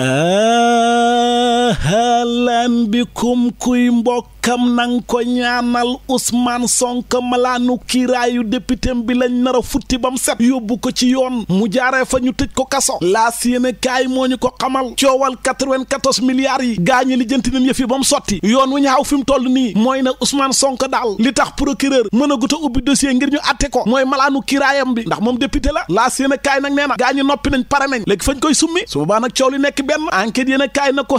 Uh halaan bikum kuy mbokk kam nang ko ñaanal Ousmane Sonko malaanu kiiraayu député bi lañ nar a futti bam set yóbbu ko ci yoon mu jaaree fa ñu tëj ko kaso laas yéene kaay moo ñu ko xamal coowal 94 milliards yi gaañi li jënti nañ yi ba mu sotti yoon wu ñu xaw fi mu toll nii mooy ne Ousmane Sonko daal li tax procureur mën a gut a ubbi dossier ngir ñu atte ko mooy malaanu kiiraayam bi ndax moom député la laas yéene kaay nag nee na gaañi noppi nañ pare nañ léegi fañ koy summi su boobaa nag coow li nekk benn enquête yéene kaay na ko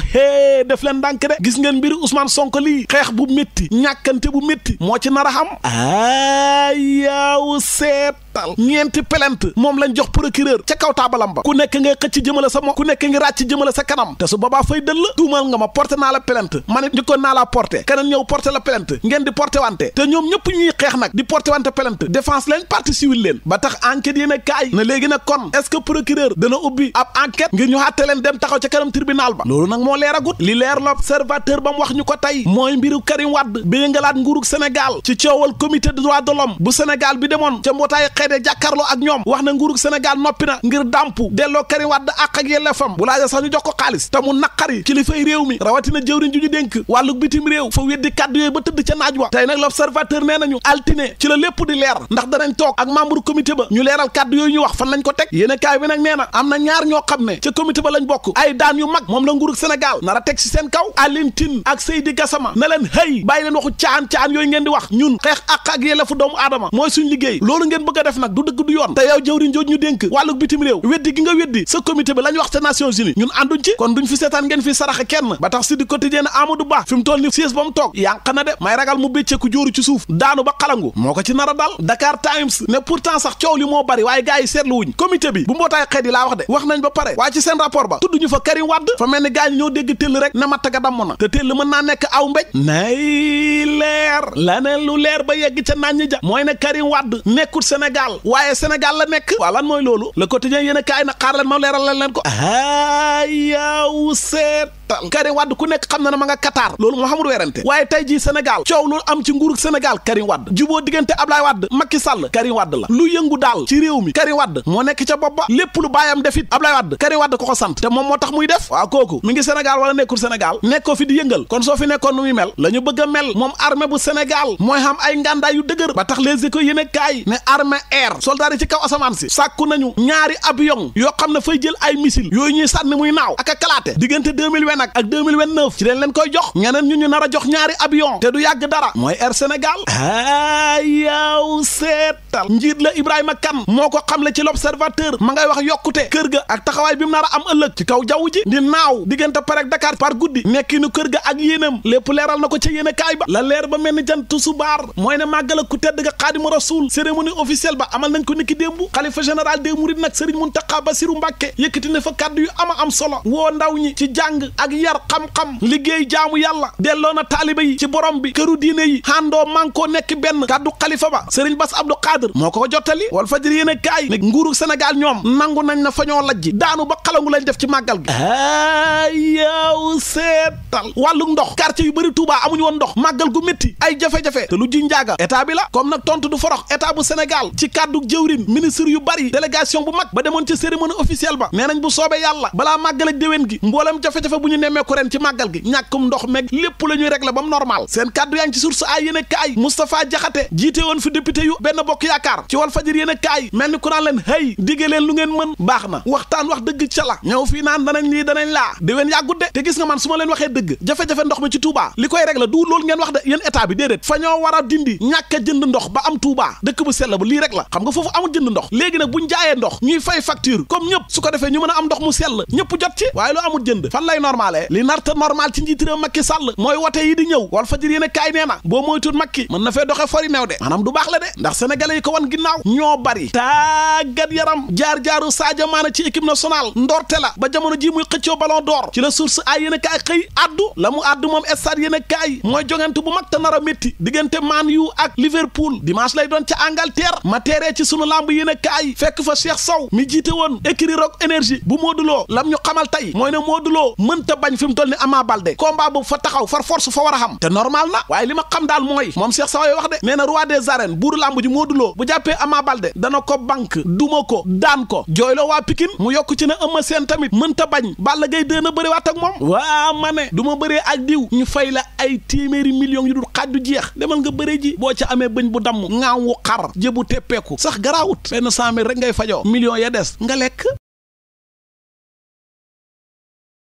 Eh, def leen ndànk de gis ngeen mbiri Ousmane Sonko lii xeex bu métti ñàkkante bu métti moo ci nar a xam a yaaw seet ñeenti plainte moom lañ jox procureur ca kaw taabalam ba ku nekk ngay xëcc jëmale sa moom ku nekk ngi ràcc jëmale sa kanam te su boobaa fay dëll tuumal nga ma porté naa la plainte ma ne njëkkoon naa la porté keneen ñëw porté la plainte ngeen di porté wante te ñoom ñëpp ñuy xeex nag di porté wante plainte défense lañ partie civile leen ba tax enquête yi ne kaay na léegi nag kon est que procureur dana ubbi ab dem taxaw ca kanam tribunal ba loolu nag li leer l'observateur ba mu wax ñu ko tey mooy mbiru Karim Wade bi yëngalaat nguurug Sénégal ci coowal comité des droits de l'homme bu Sénégal bi demoon ca mbootaay xeede jàkkaarloo ak ñoom wax na nguurug Sénégal noppi na ngir dàmpu delloo Karim Wade àq ak yelleefam bu laajee sax ñu jox ko xaalis te mu naqari kilifay réew mi rawatina jëwriñ ju ñu dénk wàllu bitim réew fa weddi kàddu yooyu ba tëdd ca naaj wa tey nag l'observateur nee nañu altine ci l lépp di leer ndax danañ toog ak membre comité ba ñu leeral yooyu ñu wax fan lañ ko teg yéen a kaay na am na ñaar ñoo xam ne ca comité lañ bokk ay daan yu mag moom la nguurug Sénégal nara teg ci seen kaw Alioune Tine ak Seydi Gassama na leen xëy bàyyi leen waxu caan caan yooyu ngeen di wax ñun xeex ak ak yelleefu doomu aadama mooy suñ liggéey loolu ngeen bëgg def nag du dëgg du yoon te yow jëwriñ jooj ñu dénk wàlluk bitim réew weddi gi nga weddi sa comité bi la wax te Nations Unies ñun ànduñ ci kon duñ fi seetaan ngeen fi saraxe kenn ba tax si di quotidien Amadou Ba fi mu toll ni siis ba mu toog yànq na de may ragal mu bécceeku jóoru ci rek ne matt ga damm na te téll mën naa nekk aw mbéj nay leer la ne lu leer ba yegg ca naan ñi ja mooy na Karim Wade nekkul senegal waaye senegal la nekk waa lan mooy loolu le quotidien yéen a kaay na xaar ma leeral leen ko aa ah yaw seet gàttal Karim ku nekk xam na ne ma nga Qatar loolu moo xamul werante waaye tey jii Sénégal coow lu am ci nguuru Sénégal Karim Wade juboo diggante Ablaye Wade Macky Sall Karim Wade la lu yëngu daal ci réew mi Karim Wade moo nekk ca bopp lépp lu baayam defit Ablaye Wade Karim Wade ko ko sant te moom moo tax muy def waaw kooku mi ngi Sénégal wala nekkul Sénégal nekkoo fi di yëngal kon soo fi nekkoon nu muy mel la ñu bëgg a mel moom armée bu Sénégal tax les écoles yéen kaay ne armée air soldat yi ci kaw asamaan yoo xam ne fay jël ay missile yooyu ñuy sànni muy naaw ak a kalaate diggante 2020 nak ak 2029 ci len len koy jox ñeneen ñu ñu nara jox ñaari avion te du yag dara moy Air senegal a yaw seetal njiit la Ibrahima kam moko ko xamle ci l'Observateur ma ngay wax yokute kër ga ak taxaway bi mu am ëllëg ci kaw jaww ji di naaw diggante parek Dakar par guddi nekkinu kër ga ak yéenam lepp leral nako ci yene kay ba la leer ba melni jant jant subaar moy ne magal ku tedd ga Xaadimu Rasuul cérémonie officielle ba amal nañ ko niki dembu khalifa général des Mourides nak Serigne muntaka basirou Mbacké yëkkati na fa kaddu yu ama am solo wo ndaw ñi ci jang ak ak yar xam-xam liggéey jaamu yàlla delloo na taaliba yi ci borom bi këru diine yi handoo mankoo nekk benn kàddu xalifa ba sëriñ Bass Abdou Khadre moo ko jottali wal fajër yéen a kaay ne nguuru Sénégal ñoom nangu nañ na fa ñoo lajji daanu ba xalangu def ci màggal gi ayaw seetal wàllu ndox quartier yu bëri Touba amuñu woon ndox màggal gu métti ay jafe-jafe te lu ji njaaga état bi la comme nag tontu du forox état bu Sénégal ci kàddu jëwrin ministre yu bari délégation bu mag ba demoon ci cérémonie officielle ba nee nañ bu soobee yàlla balaa màggal ak gi mboolem jafe-jafe bu ñu nemmeeku ren ci màggal gi ñàkkum ndox meeg lépp la ñuy régler ba mu seen kàddu ci source ay yéen kaay Moustapha Diakhaté jiite woon fi député yu benn bokk yaakaar ci wal fajar yéen kaay mel ni ku naan leen hey digge leen lu ngeen mën baax na waxtaan wax dëgg ca la ñëw fii naan danañ lii danañ laa déwén yàggut de te gis nga man su ma leen waxee dëgg jafe-jafe ndox mi ci Touba li koy régler du loolu ngeen wax de yéen état bi déedéet fa ñoo war a dindi ñàkk a jënd ndox ba am Touba ndox léegi nag buñ jaayee ndox ñuy fay facture comme a am ndox mu sell ñëpp jot ci waaye lu amul jënd normale li narta normal ci njiit réew Macky Sall mooy wote yi di ñëw wal fajir yéen a kaay nee na boo moytuwul Macky mën na fee doxee fori de maanaam du baax la de ndax sénégalais yi ko wan ginnaaw ñoo bari tàggat yaram jaar-jaaru Sadio Mané ci équipe nationale ndorte la ba jamono ji muy xëccoo ballon d'or ci la source ay yéen a kaay xëy addu la mu addu moom stade yéen a kaay mooy jongante bu mag te nar a diggante Man U ak Liverpool dimanche lay doon ca Angleterre ma ci sunu lamb yéen a kaay fekk fa Cheikh Sow mi jiite woon écurie Rock bu Modou Lo lam ñu xamal tey mooy ne Modou Lo mën te bañ fi mu toll ni amaa Baldé combat boobu fa taxaw far force fa war a xam te normal na waaye li ma xam daal mooy moom Cheikh Sawaye wax de nee na roi des arènes buuru làmb ji Modou Lo bu jàppee Ama Baldé dana ko bank duma ko daan ko jooyloo waa Pikine mu yokk ci ne Eumeu seen tamit mën bañ Balla gay dee na bëri waat ak moom waa ma ne du ma ak diw ñu fay la ay téeméeri millions yu dul xaddu jeex demal nga bëree ji boo ca amee bëñ bu damm ŋaaw wu xar jëbu teppeeku sax garaawut benn cent mille ngay fajoo millions ya des nga lekk